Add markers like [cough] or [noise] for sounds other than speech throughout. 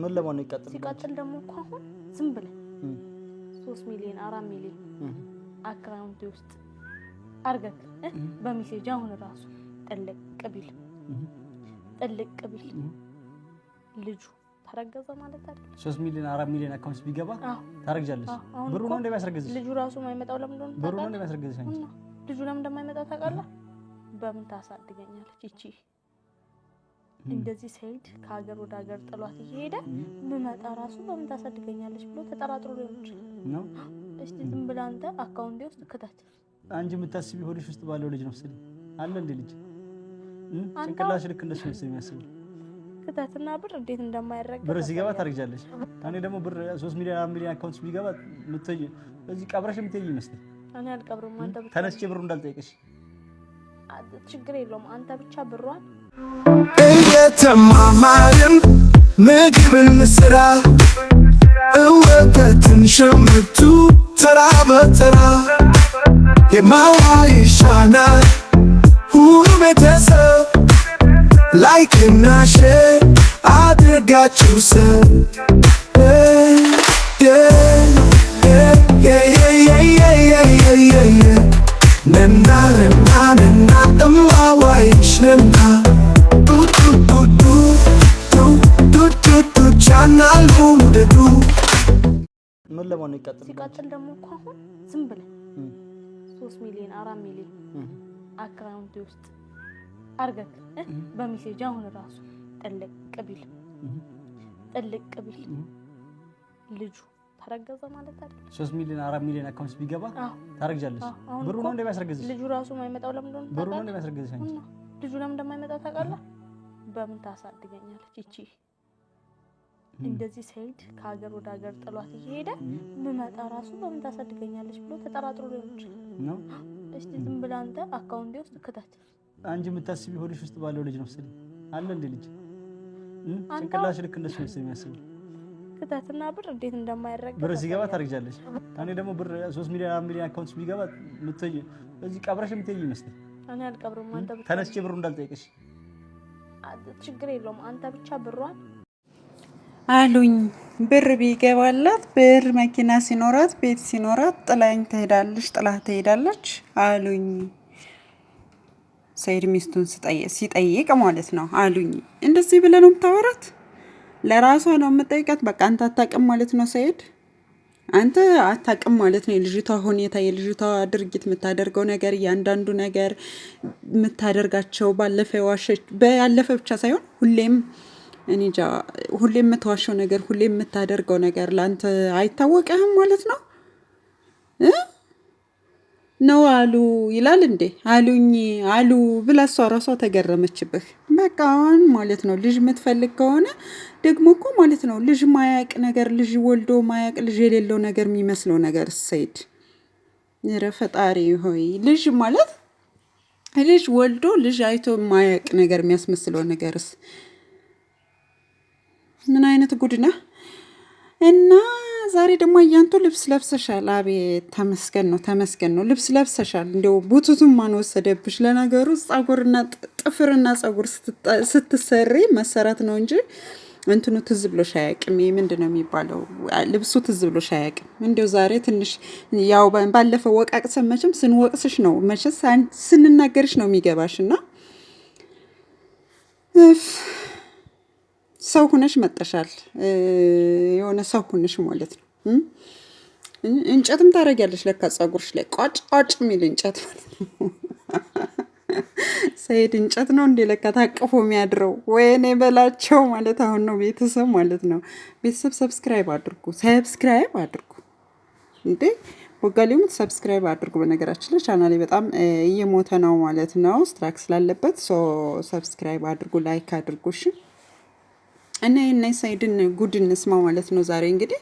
ምን ለማን ነው ይቀጥል? ሲቀጥል ደግሞ እኮ አሁን ዝም ብለን ሶስት ሚሊዮን አራት ሚሊዮን አካውንት ውስጥ አርገክ በሚሴጅ አሁን ራሱ ጥልቅ ቢል ጥልቅ ቢል ልጁ ተረገዘ ማለት አይደል? ሶስት ሚሊዮን አራት ሚሊዮን አካውንት ቢገባ ታረግጃለሽ። ብሩ ነው እንደሚያስረግዝሽ። ልጁ ራሱ የማይመጣው ለምን እንደሆነ ብሩ ነው እንደሚያስረግዝሽ። ልጁ ለምን እንደማይመጣ ታውቃለህ? በምን ታሳድገኛለች ይቺ እንደዚህ ሰይድ ከሀገር ወደ ሀገር ጥሏት እየሄደ ምመጣ ራሱ በምን ታሳድገኛለች ብሎ ተጠራጥሮ ሊሆን ይችላል። እስቲ ዝም ብለህ አንተ አካውንቴ ውስጥ ክተት። አንቺ የምታስቢ ሆድሽ ውስጥ ባለው ልጅ ነው ስል አለ እንዴ ልጅ ጭንቅላሽ ልክ እንደሱ ነው የሚያስበው። ክተትና ብር እንዴት እንደማይረግ ብር ሲገባ ታርግጃለች። እኔ ደግሞ ብር ሶስት ሚሊዮን አራት ሚሊዮን አካውንት ቢገባ ምትይ እዚህ ቀብረሽ ምትይ ይመስል እኔ አልቀብርም። አንተ ብቻ ተነስቼ ብሩ እንዳልጠይቅሽ ችግር የለውም። አንተ ብቻ ብሯን እየተማማርን ምግብን ስራ እወተትን ሸምቱ ተራ በተራ የማዋ ይሻናል ሁሉ ቤተሰብ ላይክ እና ሼር አድርጋችሁ ሰ አናልፉ ውድዱ ምን ለመሆን ይቀጥል ሲቀጥል ደግሞ እኮ አሁን ዝም ብለን ሶስት ሚሊዮን አራት ሚሊዮን አካውንት ውስጥ አርገት በሜሴጅ አሁን ራሱ ጥልቅ ቢል ጥልቅ ቢል ልጁ ተረገዘ ማለት አይደል? ሶስት ሚሊዮን አራት ሚሊዮን አካውንት ቢገባ ታረግጃለሽ። ብሩ ነው እንደሚያስረግዝሽ ልጁ ራሱ የማይመጣው ለምን እንደሆነ ብሩ ነው እንደሚያስረግዝሽ አንቺ ልጁ ለምን እንደማይመጣ ታውቃለህ? በምን ታሳድገኛለች እቺ እንደዚህ ሰይድ ከሀገር ወደ ሀገር ጥሏት እየሄደ ምመጣ ራሱ በምን ታሳድገኛለች ብሎ ተጠራጥሮ ሊሆን ይችላል። እስቲ ዝም ብለህ አንተ አካውንቴ ውስጥ ክተት። አንቺ የምታስቢ ሆድሽ ውስጥ ባለው ልጅ ነው ስል አለ እንዴ ልጅ ጭንቅላሽ ልክ እንደሱ ስ የሚያስብ ክተትና ብር እንዴት እንደማይረግ ብር ሲገባ ታርግጃለች። እኔ ደግሞ ብር ሶስት ሚሊዮን አራት ሚሊዮን አካውንት ሚገባ ምትይ እዚህ ቀብረሽ የምትይ ይመስል እኔ አልቀብርም። አንተ ብቻ ተነስቼ ብሩ እንዳልጠይቅሽ ችግር የለውም። አንተ ብቻ ብሯን አሉኝ። ብር ቢገባላት ብር መኪና ሲኖራት ቤት ሲኖራት ጥላኝ ትሄዳለች ጥላ ትሄዳለች አሉኝ። ሰይድ ሚስቱን ሲጠይቅ ማለት ነው አሉኝ። እንደዚህ ብለህ ነው የምታወራት? ለራሷ ነው የምጠይቃት። በቃ አንተ አታውቅም ማለት ነው ሰይድ፣ አንተ አታውቅም ማለት ነው የልጅቷ ሁኔታ፣ የልጅቷ ድርጊት፣ የምታደርገው ነገር፣ እያንዳንዱ ነገር የምታደርጋቸው፣ ባለፈ ዋሸች፣ ባለፈ ብቻ ሳይሆን ሁሌም እኔጃ ሁሌ የምትዋሸው ነገር ሁሌ የምታደርገው ነገር ለአንተ አይታወቀህም ማለት ነው ነው አሉ ይላል እንዴ አሉኝ አሉ ብላ እሷ ራሷ ተገረመችብህ። በቃ አሁን ማለት ነው ልጅ የምትፈልግ ከሆነ ደግሞ እኮ ማለት ነው ልጅ ማያቅ ነገር ልጅ ወልዶ ማያቅ ልጅ የሌለው ነገር የሚመስለው ነገር ሰይድ ኧረ ፈጣሪ ሆይ ልጅ ማለት ልጅ ወልዶ ልጅ አይቶ ማያቅ ነገር የሚያስመስለው ነገርስ ምን አይነት ጉድና እና ዛሬ ደግሞ እያንቱ ልብስ ለብሰሻል። አቤት ተመስገን ነው፣ ተመስገን ነው። ልብስ ለብሰሻል። እንዲያው ቡቱቱን ማን ወሰደብሽ? ለነገሩ ጸጉርና ጥፍርና ጸጉር ስትሰሪ መሰራት ነው እንጂ እንትኑ ትዝ ብሎሽ አያውቅም። ይሄ ምንድን ነው የሚባለው? ልብሱ ትዝ ብሎሽ አያውቅም። እንዲው ዛሬ ትንሽ ያው ባለፈው ወቃቅሰን መቼም ስንወቅስሽ ነው መቼም ስንናገርሽ ነው የሚገባሽ እና ሰው ሁነሽ መጠሻል። የሆነ ሰው ሁነሽ ማለት ነው። እንጨትም ታደርጊያለሽ ለካ ጸጉርሽ ላይ ቋጭ ቋጭ የሚል እንጨት ማለት ነው። [laughs] ሰይድ እንጨት ነው እንዴ ለካ ታቅፎ የሚያድረው? ወይኔ በላቸው ማለት አሁን ነው ቤተሰብ ማለት ነው። ቤተሰብ ሰብስክራይብ አድርጉ፣ ሰብስክራይብ አድርጉ እንዴ ወጋሊሙ ሰብስክራይብ አድርጉ። በነገራችን ላይ ቻናሌ በጣም እየሞተ ነው ማለት ነው፣ ስትራክ ስላለበት ሶ ሰብስክራይብ አድርጉ፣ ላይክ አድርጉ እና የና ሳይድን ጉድ እንስማ ማለት ነው። ዛሬ እንግዲህ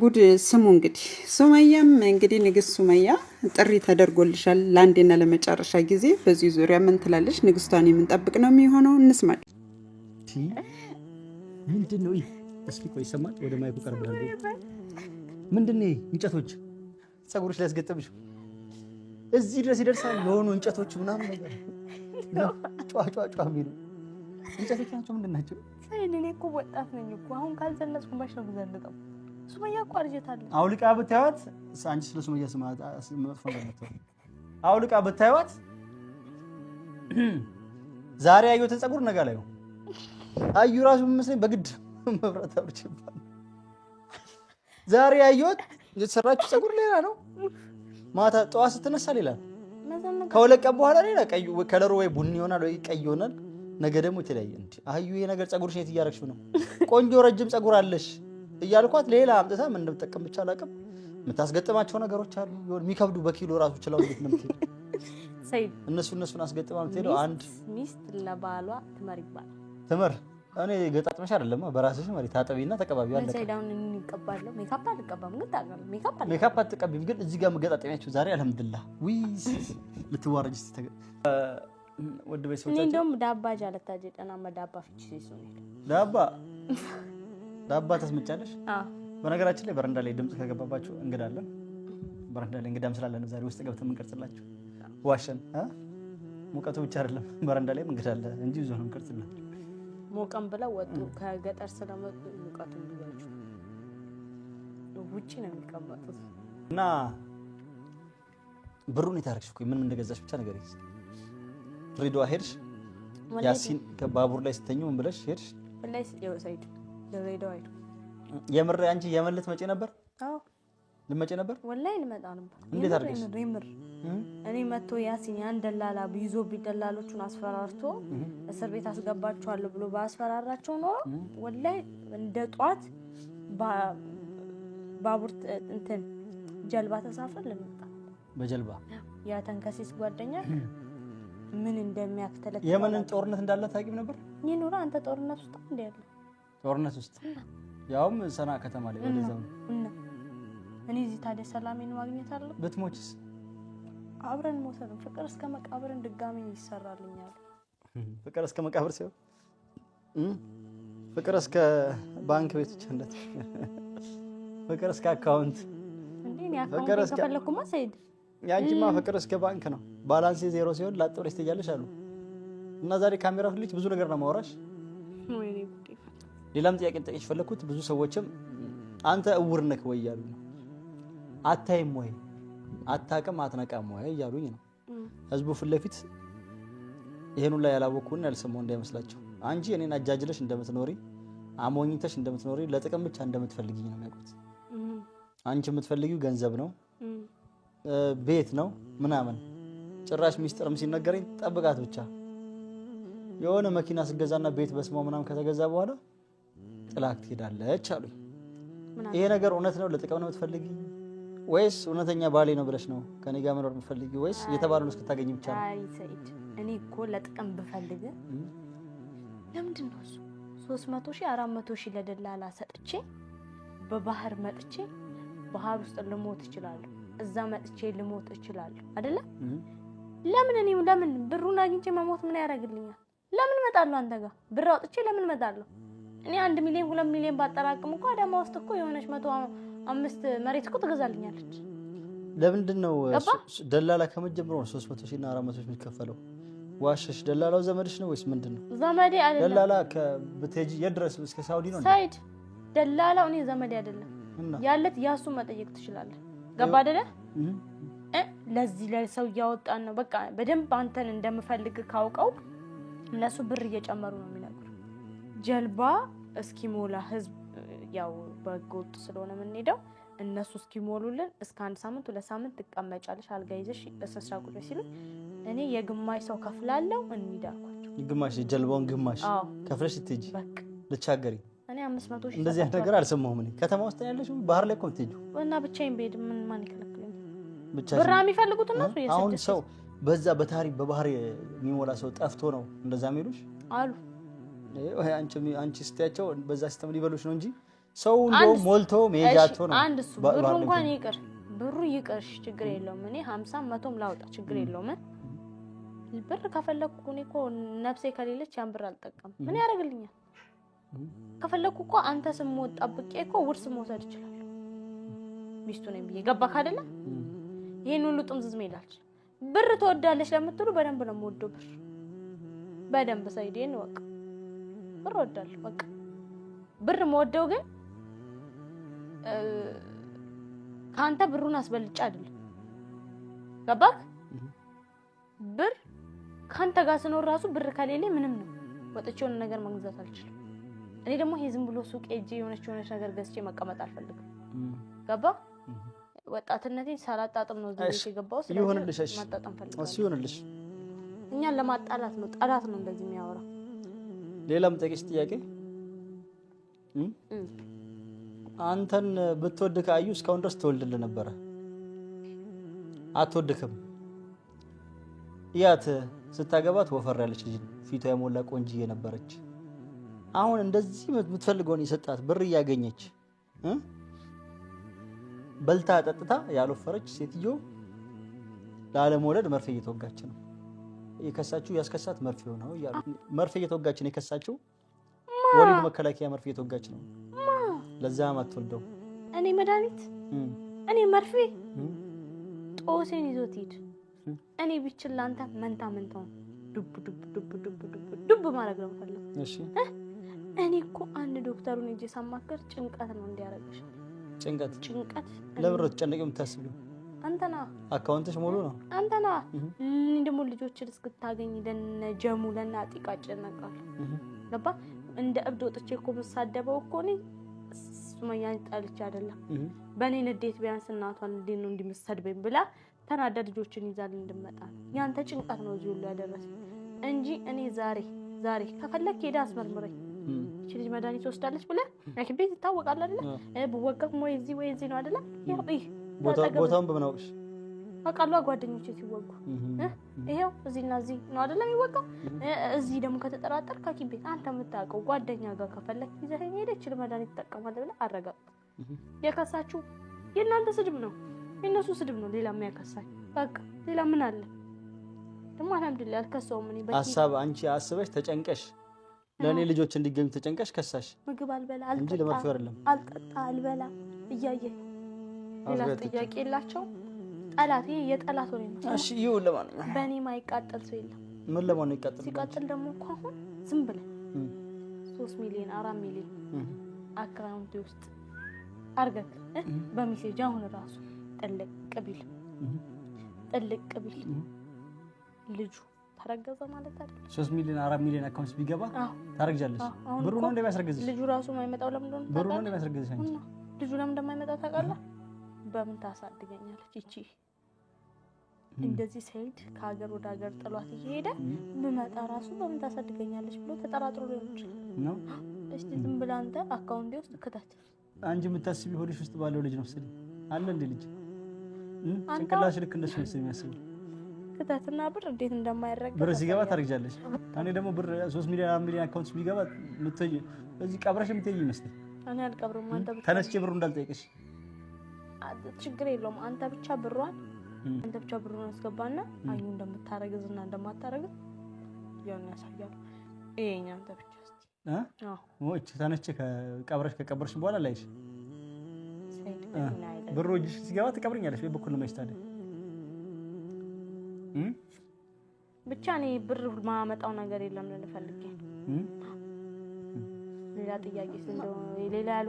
ጉድ ስሙ። እንግዲህ ሱመያም እንግዲህ ንግስት ሱመያ ጥሪ ተደርጎልሻል ለአንዴና ለመጨረሻ ጊዜ በዚህ ዙሪያ ምን ትላለች? ንግስቷን የምንጠብቅ ነው የሚሆነው። እንስማል። ምንድን ነው እስኪ ቆይ ይሰማል። ወደ ማይኩ ቀርብ። ምንድን ነው እንጨቶች ጸጉሮች ላይ ያስገጠምሽ እዚህ ድረስ ይደርሳል የሆኑ እንጨቶች ምናምን ነገር ጫጫጫ የሚሉ እንጨቶች ናቸው። ምንድን ናቸው? እኔ እኮ ወጣት ነኝ እኮ አሁን ካልዘለጽኩ ባሽ ነው ብዘልጠው? ሱመያ እኮ አርጀታለች። አውልቃ ብታዩት አንቺ ስለ ሱመያ መጥፎ ገምተው አውልቃ ብታዩት ዛሬ ያየሁትን ፀጉር ነገ ላይ ነው አዩ ራሱ የሚመስለኝ በግድ [laughs] መብራት አብርችባል። ዛሬ ያየሁት የተሰራችው ፀጉር ሌላ ነው። ማታ ጠዋት ስትነሳ ሌላ ከሁለት ቀን በኋላ ሌላ ቀዩ ከለሩ ወይ ቡኒ ይሆናል ወይ ቀይ ይሆናል። ነገ ደግሞ የተለያየ እንዲ አህዩ ይሄ ነገር ፀጉር የት እያረግሽ ነው? ቆንጆ ረጅም ፀጉር አለሽ እያልኳት ሌላ አምጥታ ምን እንደምጠቀም ብቻ አላውቅም። የምታስገጥማቸው ነገሮች አሉ የሚከብዱ በኪሎ ራሱ ችለው እንዴት ነው የምትሄደው? እነሱ እነሱን አስገጥማ የምትሄደው አንድ ሚስት ለባሏ ትመር ይባላል። ትመር እኔ ገጣጥመሽ አይደለም በራስሽ መሬት ታጠቢና ተቀባቢ አለ። ሜካፕ አትቀቢም ግን እዚህ ጋር መገጣጠሚያቸው ዛሬ አልሐምዱሊላህ። ውይ ልትዋረጅ ውድ ቤተሰቦቻችን እንደውም ዳባ ጃለታ ጀጠናማ ዳባ ፍቺ ዳባ ዳባ ተስምጫለሽ። በነገራችን ላይ በረንዳ ላይ ድምፅ ከገባባችሁ እንግዳ እንግዳለን። በረንዳ ላይ እንግዳም ስላለን ዛሬ ውስጥ ገብተን የምንቀርጽላችሁ ዋሸን። ሙቀቱ ብቻ አይደለም በረንዳ ላይ አለ እንጂ ብዙ ነው እንቀርጽላችሁ። ሞቀም ብለው ወጡ ከገጠር ስለመጡ ሙቀቱ እንዲያችሁ ውጭ ነው የሚቀመጡት እና ብሩን የታረክሽ ምን ምን እንደገዛሽ ብቻ ነገር ድሬዳዋ ሄድሽ? ያሲን ባቡር ላይ ስተኙ ምን ብለሽ ሄድሽ? የምር አንቺ የመን ልትመጪ ነበር? አዎ ልትመጪ ነበር። ወላሂ ልመጣ ነበር። እንዴት አድርገሽ? የምር እኔ መጥቶ ያሲን ያን ደላላ ይዞ ደላሎቹን አስፈራርቶ እስር ቤት አስገባችኋለሁ ብሎ ባስፈራራቸው ነው። ወላሂ እንደ ጧት ባቡር እንትን ጀልባ ተሳፈር ልንመጣ በጀልባ ያ ተንከሲስ ጓደኛ ምን እንደሚያክተለት የመንን ጦርነት እንዳለ ታውቂም ነበር? ይኑራ አንተ ጦርነት ውስጥ እንደ ያለ ጦርነት ውስጥ ያውም ሰና ከተማ ላይ ወደዛው እኔ እዚህ ታዲያ ሰላሜን ማግኘት አለው። ብትሞችስ? አብረን ሞተን ፍቅር እስከ መቃብርን ድጋሚ ይሰራልኛል። ፍቅር እስከ መቃብር ሲሆን ፍቅር እስከ ባንክ ቤት ብቻ እንደት ፍቅር እስከ አካውንት እንዴ ከፈለኩማ ሰይድ የአንቺማ ፍቅር እስከ ባንክ ነው። ባላንሴ ዜሮ ሲሆን ላጥ ብለሽ ትያለሽ አሉ እና ዛሬ ካሜራ ፍልች ብዙ ነገር ነው ማውራሽ። ሌላም ጥያቄ ልጠይቅሽ ፈለኩት። ብዙ ሰዎችም አንተ እውር ነክ ወይ እያሉ ነው። አታይም ወይ አታቅም አትነቃም ወይ እያሉኝ ነው። ህዝቡ ፊት ለፊት ይሄኑ ላይ ያላወቅኩና ያልሰማሁ እንዳይመስላቸው አንቺ እኔን አጃጅለሽ እንደምትኖሪ አሞኝተሽ እንደምትኖሪ ለጥቅም ብቻ እንደምትፈልግኝ ነው የሚያውቁት። አንቺ የምትፈልጊው ገንዘብ ነው ቤት ነው ምናምን ጭራሽ ሚስጥርም ሲነገረኝ ጠብቃት ብቻ የሆነ መኪና ስገዛና ቤት በስሟ ምናምን ከተገዛ በኋላ ጥላክ ትሄዳለች አሉኝ። ይሄ ነገር እውነት ነው? ለጥቅም ነው የምትፈልጊ ወይስ እውነተኛ ባሌ ነው ብለሽ ነው ከኔ ጋር መኖር የምትፈልጊ ወይስ የተባለውን እስክታገኝ ብቻ ነው? አይ ሰይድ፣ እኔ እኮ ለጥቅም ብፈልግ ለምንድን ነው እሱ ሶስት መቶ ሺህ አራት መቶ ሺህ ለደላላ ሰጥቼ በባህር መጥቼ ባህር ውስጥ ልሞት እችላለሁ። እዛ መጥቼ ልሞት እችላለሁ አይደለ? ለምን እኔ ለምን ብሩን አግኝቼ መሞት ምን ያደርግልኛል? ለምን እመጣለሁ አንተ ጋር ብር አውጥቼ ለምን እመጣለሁ? እኔ አንድ ሚሊዮን ሁለት ሚሊዮን ባጠራቅም እኮ አዳማ ውስጥ እኮ የሆነች መቶ አምስት መሬት እኮ ትገዛልኛለች። ለምንድን ነው ደላላ ከመጀመሩ ነው 300 ሺህ እና 400 ሺህ የሚከፈለው? ዋሸሽ። ደላላው ዘመድሽ ነው ወይስ ምንድን ነው? ዘመዴ አይደለም። ደላላ ከብትሄጂ የት ድረስ እስከ ሳውዲ ነው? ሳይድ ደላላው እኔ ዘመዴ አይደለም ያለት ያሱ መጠየቅ ትችላለህ። ገባ አይደለ? ለዚህ ለሰው እያወጣን ነው። በቃ በደንብ አንተን እንደምፈልግ ካውቀው እነሱ ብር እየጨመሩ ነው የሚነግሩ። ጀልባ እስኪሞላ ህዝብ ያው በህገ ወጥ ስለሆነ የምንሄደው እነሱ እስኪሞሉልን እስከ አንድ ሳምንት ሁለት ሳምንት ትቀመጫለሽ፣ አልጋ ይዘሽ በስስራ ቁጭ ሲሉ እኔ የግማሽ ሰው ከፍላለው እንሂድ አልኳቸው። ግማሽ ጀልባውን ግማሽ ከፍለሽ ትጂ ልቻገሪ እንደዚህ ነገር አልሰማሁም። እኔ ከተማ ውስጥ ያለሽ ባህር ላይ እኮ የምትሄጂው እና ብቻዬን ብሄድ ምን ማን ይከለክለኝ? ብቻ ብራ የሚፈልጉት እነሱ አሁን ሰው በዛ በታሪክ በባህር የሚሞላ ሰው ጠፍቶ ነው እንደዛ የሚሉሽ አሉ። አንቺ ስትያቸው በዛ ሲስተም ሊበሉሽ ነው እንጂ ሰው እንደ ሞልቶ መሄጃቶ ነው። አንድ እሱ ብሩ እንኳን ይቅር ብሩ ይቅርሽ፣ ችግር የለውም። እኔ ሀምሳም መቶም ላውጣ ችግር የለውም። ብር ከፈለግኩ እኔ እኮ ነፍሴ ከሌለች ያን ብር አልጠቀም ምን ያደርግልኛል? ከፈለኩ እኮ አንተ ስሞት ጠብቄ እኮ ውርስ መውሰድ ይችላል። ሚስቱ ነኝ ብዬ ገባክ አይደለ? ይህን ሁሉ ጥምዝዝ ሜዳች ብር ትወዳለች ለምትሉ በደንብ ነው የምወደው ብር በደንብ ሰይዴን ወቅ ብር እወዳለሁ። በቃ ብር መወደው ግን ከአንተ ብሩን አስበልጬ አይደለም። ገባክ? ብር ከአንተ ጋር ስኖር ራሱ ብር ከሌለ ምንም ነው። ወጥቼ የሆነ ነገር መግዛት አልችልም። እኔ ደግሞ ይሄ ዝም ብሎ ሱቅ ሄጄ የሆነች የሆነች ነገር ገዝቼ መቀመጥ አልፈልግም። ገባ ወጣትነቴን ሳላጣጥም ነው እዚህ የገባሁት። ማጣጣም ፈልጋለሁ። እኛን ለማጣላት ነው። ጠላት ነው እንደዚህ የሚያወራ። ሌላ ጠቂስ ጥያቄ አንተን ብትወድ ከአዩ እስካሁን ድረስ ትወልድልህ ነበረ። አትወድክም። እያት ስታገባት ወፈር ያለች ልጅ ፊቷ የሞላ ቆንጅዬ ነበረች። አሁን እንደዚህ የምትፈልገውን የሰጣት ብር እያገኘች በልታ ጠጥታ ያልወፈረች ሴትዮ ላለመውለድ መርፌ እየተወጋች ነው። የከሳችው ያስከሳት መርፌ ነው እያሉ መርፌ እየተወጋች ነው የከሳችው ወሊድ መከላከያ መርፌ እየተወጋች ነው። ለዛ ማትወልደው እኔ መድኃኒት እኔ መርፌ ጦሴን ይዞት ሂድ። እኔ ብችል ለአንተ መንታ መንታውን ዱብ ዱብ ዱብ ዱብ ዱብ ማድረግ ነው እሺ እኔ እኮ አንድ ዶክተሩን እጅ ሳማከር ጭንቀት ነው እንዲያረግሽ። ጭንቀት ጭንቀት ለምን ነው ተጨነቂው? የምታስቢው አንተና አካውንትሽ ሙሉ ነው አንተና። እኔ ደግሞ ልጆችን እስክታገኝ ለነ ጀሙ ለነ አጢቃ ጨነቃለሁ። ገባ እንደ እብድ ወጥቼ እኮ የምሳደበው እኮ እኔ ሱመያን ጠልቼ አይደለም። በእኔ ንዴት ቢያንስ እናቷን እንዴት ነው እንዲመሰድበኝ ብላ ተናዳ ልጆችን ይዛል እንድመጣ ያንተ ጭንቀት ነው እዚህ ሁሉ ያደረሰ እንጂ እኔ ዛሬ ዛሬ ከፈለክ ሄደህ አስመርምረኝ እቺ ልጅ መድኃኒት ወስዳለች ብለህ ሐኪም ቤት ይታወቃል አይደለ? ብወጋም ወይ እዚህ ወይ እዚህ ነው አይደለ? ያው ይህ ቦታውን በምን አውቅሽ? አውቃለሁ ጓደኞቼ ሲወጉ ይሄው እዚህና እዚህ ነው አይደለም የሚወጋው። እዚህ ደግሞ ከተጠራጠር ሐኪም ቤት አንተ የምታውቀው ጓደኛ ጋር ከፈለክ ይዘህ ሄደህ ይህችን መድኃኒት ትጠቀማለህ ብለህ አረጋግጥ። የከሳችሁ የእናንተ ስድብ ነው የእነሱ ስድብ ነው። ሌላ የሚያከሳኝ በቃ ሌላ ምን አለ ደግሞ? አልሐምዱሊላህ አልከሰውም። ሀሳብ አንቺ አስበሽ ተጨንቀሽ ለእኔ ልጆች እንዲገኙ ተጨንቀሽ ከሳሽ። ምግብ አልበላ እንጂ ለመጥፎ አይደለም። አልጠጣ አልበላ እያየ ሌላ ጥያቄ የላቸው። ጠላት ይሄ የጠላት ወሬ ነው። እሺ ይሁን። ለማንኛውም በእኔ ማይቃጠል ሰው የለም። ምን ለማን ነው ይቃጠል? ሲቃጠል ደግሞ እኮ አሁን ዝም ብለን ሶስት ሚሊዮን አራት ሚሊዮን አካውንቴ ውስጥ አርገት በሚሴጅ አሁን ራሱ ጥልቅ ቢል ጥልቅ ቢል ልጁ ተረገዘ ማለት አይደል? ሶስት ሚሊዮን አራት ሚሊዮን አካውንት ቢገባ ታረግጃለሽ። ብሩ ነው እንደሚያስረግዝሽ። ልጁ ራሱ የማይመጣው ለምን እንደሆነ ብሩ ነው እንደሚያስረግዝሽ። አንቺ ልጁ ለምን እንደማይመጣ ታውቃለህ? በምን ታሳድገኛለች ይቺ እንደዚህ ሰይድ ከሀገር ወደ ሀገር ጥሏት እየሄደ ብመጣ ራሱ በምን ታሳድገኛለች ብሎ ተጠራጥሮ ሊሆን ይችላል። እስቲ ዝም ብለህ አንተ አካውንቴ ውስጥ ክተት። አንቺ የምታስቢ ሆድሽ ውስጥ ባለው ልጅ ነው ስል አለ እንደ ልጅ ጭንቅላሽ ልክ እንደሱ ነው የሚያስበው ክተትና ብር እንዴት እንደማይረገጥ ብር ሲገባ ታርግጃለች። እኔ ደግሞ ብር ሶስት ሚሊዮን 4 ሚሊዮን አካውንት ሲገባ ምትይ እዚህ ቀብረሽ ምትይ ይመስል እኔ አልቀብርም። አንተ ብቻ ተነስቼ ብሩ እንዳልጠይቅሽ ችግር የለውም። አንተ ብቻ ብሯን አንተ ብቻ ብሩን አስገባና አዩ እንደምታረግዝ እና እንደማታረግዝ ያን ያሳያል። ይሄኛ አንተ ብቻ እስቲ አዎ ተነስቼ ከቀብረሽ ከቀብረሽ በኋላ ላይሽ ብሩ እጅሽ ሲገባ ትቀብርኛለሽ ወይ በኩል ነው ማይስታደ ብቻ እኔ ብር ማመጣው ነገር የለም ልልህ ሌላ ጥያቄ ሌላ ያሉ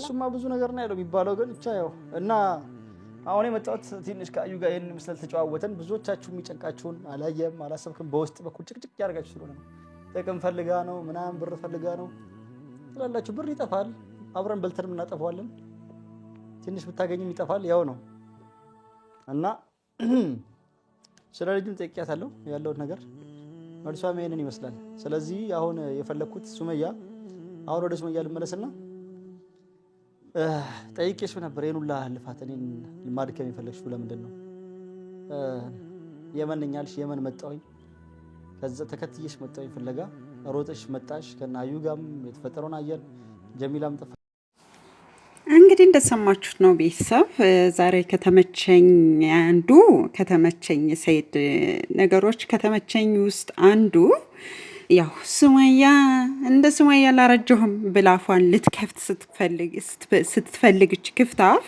እሱማ ብዙ ነገር ነው ያለው የሚባለው፣ ግን ብቻ ያው እና አሁን የመጣሁት ትንሽ ከአዩ ጋር ይህን ምስል ተጨዋወተን። ብዙዎቻችሁ የሚጨንቃችሁን አላየም አላሰብክም፣ በውስጥ በኩል ጭቅጭቅ ያደርጋችሁ ስለሆነ ጥቅም ፈልጋ ነው ምናምን ብር ፈልጋ ነው ትላላችሁ። ብር ይጠፋል፣ አብረን በልተን እናጠፋዋለን። ትንሽ ብታገኝም ይጠፋል። ያው ነው እና [clears throat] ስለ ልጁም ጠይቄያታለሁ ያለውን ነገር መልሷ ይሄንን ይመስላል። ስለዚህ አሁን የፈለግኩት ሱመያ አሁን ወደ ሱመያ ልመለስና ጠይቄሽ ነበር ይሄን ሁላ ልፋት እኔን ማድከም የፈለግሽው ለምንድን ነው? የመንኛልሽ የመን መጣሁኝ፣ ከዛ ተከትዬሽ መጣሁኝ ፍለጋ ሮጠሽ መጣሽ። ከና አዩ ጋርም የተፈጠረውን አየር ጀሚላም ጠፋ እንግዲህ እንደሰማችሁት ነው ቤተሰብ። ዛሬ ከተመቸኝ አንዱ ከተመቸኝ ሰኢድ ነገሮች ከተመቸኝ ውስጥ አንዱ ያው ሱመያ እንደ ሱመያ አላረጀሁም ብላ አፏን ልትከፍት ስትፈልግች ክፍታፍ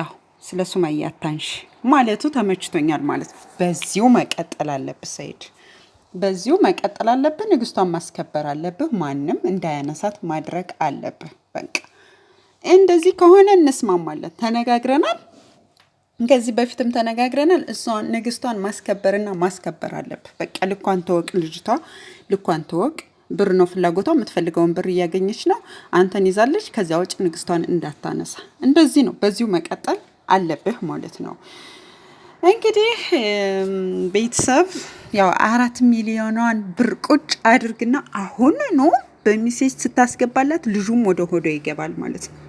ያው ስለ ሱመያ አታንሽ ማለቱ ተመችቶኛል ማለት ነው። በዚሁ መቀጠል አለብህ ሰይድ በዚሁ መቀጠል አለብህ። ንግስቷን ማስከበር አለብህ። ማንም እንዳያነሳት ማድረግ አለብህ በቃ እንደዚህ ከሆነ እንስማማለን፣ ተነጋግረናል። ከዚህ በፊትም ተነጋግረናል። እሷን ንግስቷን ማስከበርና ማስከበር አለብህ። በቃ ልኳን ተወቅ፣ ልጅቷ ልኳን ተወቅ። ብር ነው ፍላጎቷ፣ የምትፈልገውን ብር እያገኘች ነው። አንተን ይዛለች። ከዚያ ውጭ ንግስቷን እንዳታነሳ። እንደዚህ ነው፣ በዚሁ መቀጠል አለብህ ማለት ነው። እንግዲህ ቤተሰብ ያው አራት ሚሊዮኗን ብር ቁጭ አድርግና አሁን ነው በሚሴጅ ስታስገባላት ልጁም ወደ ሆዶ ይገባል ማለት ነው።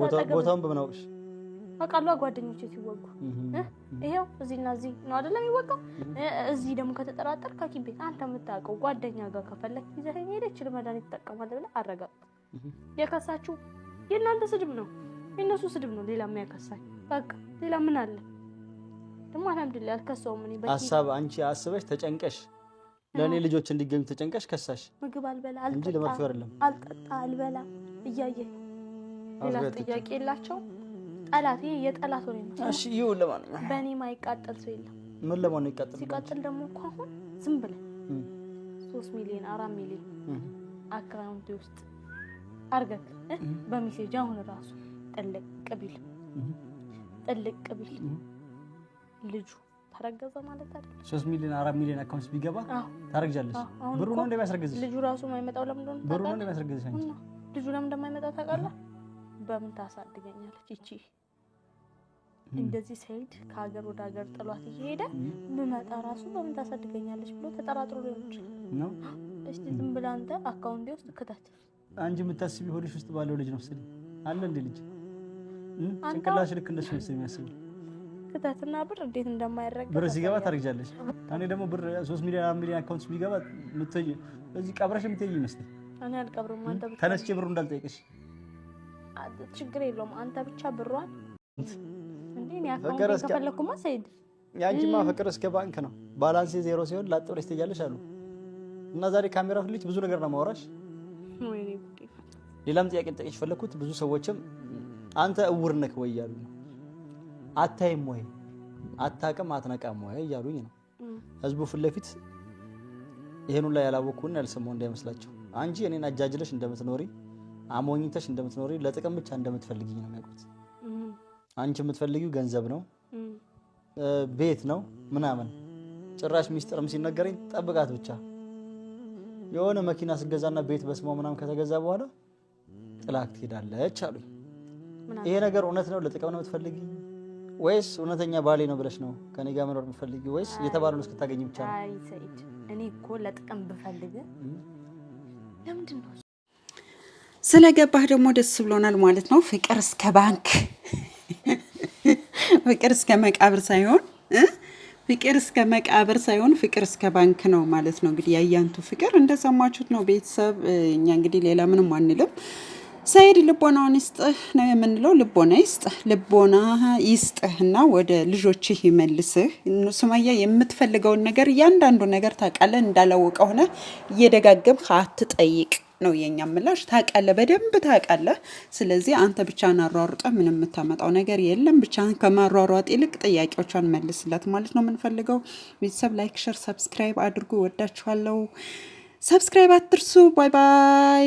ቦታውን በምን አውቅሽ? አውቃለሁ ጓደኞቼ ሲወጉ ይሄው እዚህና እዚህ ነው አይደለም የሚወጋው። እዚህ ደግሞ ከተጠራጠር ከኪቤ አንተ የምታውቀው ጓደኛ ጋር ከፈለክ ይዘህ ሄደ ችል መድኃኒት ትጠቀማለህ ብለህ አረጋግጥ። የከሳችሁ የእናንተ ስድብ ነው፣ የእነሱ ስድብ ነው። ሌላ የሚያከሳኝ በቃ ሌላ ምን አለ ደግሞ? አልሐምዱሊላህ አልከሰውም። እኔ ሀሳብ አንቺ አስበሽ ተጨንቀሽ ለእኔ ልጆች እንዲገኙ ተጨንቀሽ ከሳሽ ምግብ አልበላ አልጠጣ አልበላ እያየህ ሌላ ጥያቄ የላቸው። ጠላት ይሄ የጠላት ወሬ ነው። እሺ ይሁን። ለማንኛውም በእኔ ማይቃጠል ሰው የለም። ምን ለማን ይቃጠል? ሲቃጠል ደግሞ እኮ አሁን ዝም ብለህ ሶስት ሚሊዮን አራት ሚሊዮን አካውንት ውስጥ አርገክ በሚሴጅ አሁን ራሱ ጥልቅ ቅቢል ጥልቅ ቅቢል ልጁ ተረገዘ ማለት አይደል? ሶስት ሚሊዮን አራት ሚሊዮን አካውንት ቢገባ ታረግጃለች። ብሩ ነው እንደሚያስረግዝሽ ልጁ ራሱ ማይመጣው ለምንድን ነው? ብሩ ነው እንደሚያስረግዝሽ አንቺ ልጁ ለምን እንደማይመጣ ታውቃለህ? በምን ታሳድገኛለች ይቺ እንደዚህ ሰይድ ከሀገር ወደ ሀገር ጥሏት እየሄደ ብመጣ ራሱ በምን ታሳድገኛለች ብሎ ተጠራጥሮ ሊሆን ይችላል ነው። እስቲ ዝም ብለህ አንተ አካውንት ውስጥ ክተት። አንቺ የምታስቢ ሆድሽ ውስጥ ባለው ልጅ ነው መሰለኝ። አለ እንደ ልጅ ጭንቅላሽ ልክ እንደሱ መሰለኝ የሚያስቡ ክተትና ብር እንዴት እንደማያደርግ ብር ሲገባ ታርግጃለሽ። እኔ ደግሞ ብር ሶስት ሚሊዮን አራት ሚሊዮን አካውንት ቢገባ እዚህ ቀብረሽ የምትሄጂ ይመስል እኔ አልቀብርም። አንተ ብቻ ተነስቼ ብሩ እንዳልጠይቅሽ ችግር የለውም። አንተ ብቻ ብሯል እንዴ ከፈለኩማ ሰይድ የአንቺማ ፍቅር እስከ ባንክ ነው። ባላንሴ ዜሮ ሲሆን ላጥ ብለሽ ትሄጃለሽ አሉ እና ዛሬ ካሜራ ፊት ብዙ ነገር ነው ማውራሽ። ሌላም ጥያቄ ልጠይቅሽ ፈለግኩት። ብዙ ሰዎችም አንተ እውር ነክ ወይ እያሉ አታይም ወይ አታቅም አትነቃም ወይ እያሉኝ ነው ህዝቡ ፊት ለፊት ይሄን ሁሉ ያላወኩና ያልሰማው እንዳይመስላቸው አንቺ እኔን አጃጅለሽ እንደምትኖሪ አሞኝተሽ እንደምትኖሪ ለጥቅም ብቻ እንደምትፈልግኝ ነው የሚያውቁት። አንቺ የምትፈልጊው ገንዘብ ነው፣ ቤት ነው ምናምን። ጭራሽ ሚስጥርም ሲነገረኝ ጠብቃት ብቻ የሆነ መኪና ስገዛና ቤት በስሟ ምናምን ከተገዛ በኋላ ጥላክ ትሄዳለች አሉኝ። ይሄ ነገር እውነት ነው? ለጥቅም ነው የምትፈልጊ ወይስ እውነተኛ ባሌ ነው ብለሽ ነው ከኔ ጋር መኖር የምትፈልጊ? ወይስ የተባለውን እስክታገኝ ብቻ ነው? እኔ እኮ ለጥቅም ብፈልግ ለምንድን ነው? ስለገባህ ደግሞ ደስ ብሎናል ማለት ነው። ፍቅር እስከ ባንክ፣ [laughs] ፍቅር እስከ መቃብር ሳይሆን ፍቅር እስከ መቃብር ሳይሆን ፍቅር እስከ ባንክ ነው ማለት ነው። እንግዲህ ያያንቱ ፍቅር እንደሰማችሁት ነው ቤተሰብ። እኛ እንግዲህ ሌላ ምንም አንልም። ሰኢድ ልቦናውን ይስጥህ ነው የምንለው። ልቦና ይስጥህ፣ ልቦና ይስጥህ ወደ ልጆችህ ይመልስህ። ሱመያ የምትፈልገውን ነገር እያንዳንዱ ነገር ታውቃለህ። እንዳላወቀ ሆነ እየደጋገምህ አትጠይቅ ነው የኛ ምላሽ። ታውቃለህ፣ በደንብ ታውቃለህ። ስለዚህ አንተ ብቻህን አሯሩጠህ ምንም የምታመጣው ነገር የለም። ብቻህን ከማሯሯጥ ይልቅ ጥያቄዎቿን መልስለት ማለት ነው የምንፈልገው። ቤተሰብ ላይክ፣ ሸር፣ ሰብስክራይብ አድርጉ። ወዳችኋለሁ። ሰብስክራይብ አትርሱ። ባይ ባይ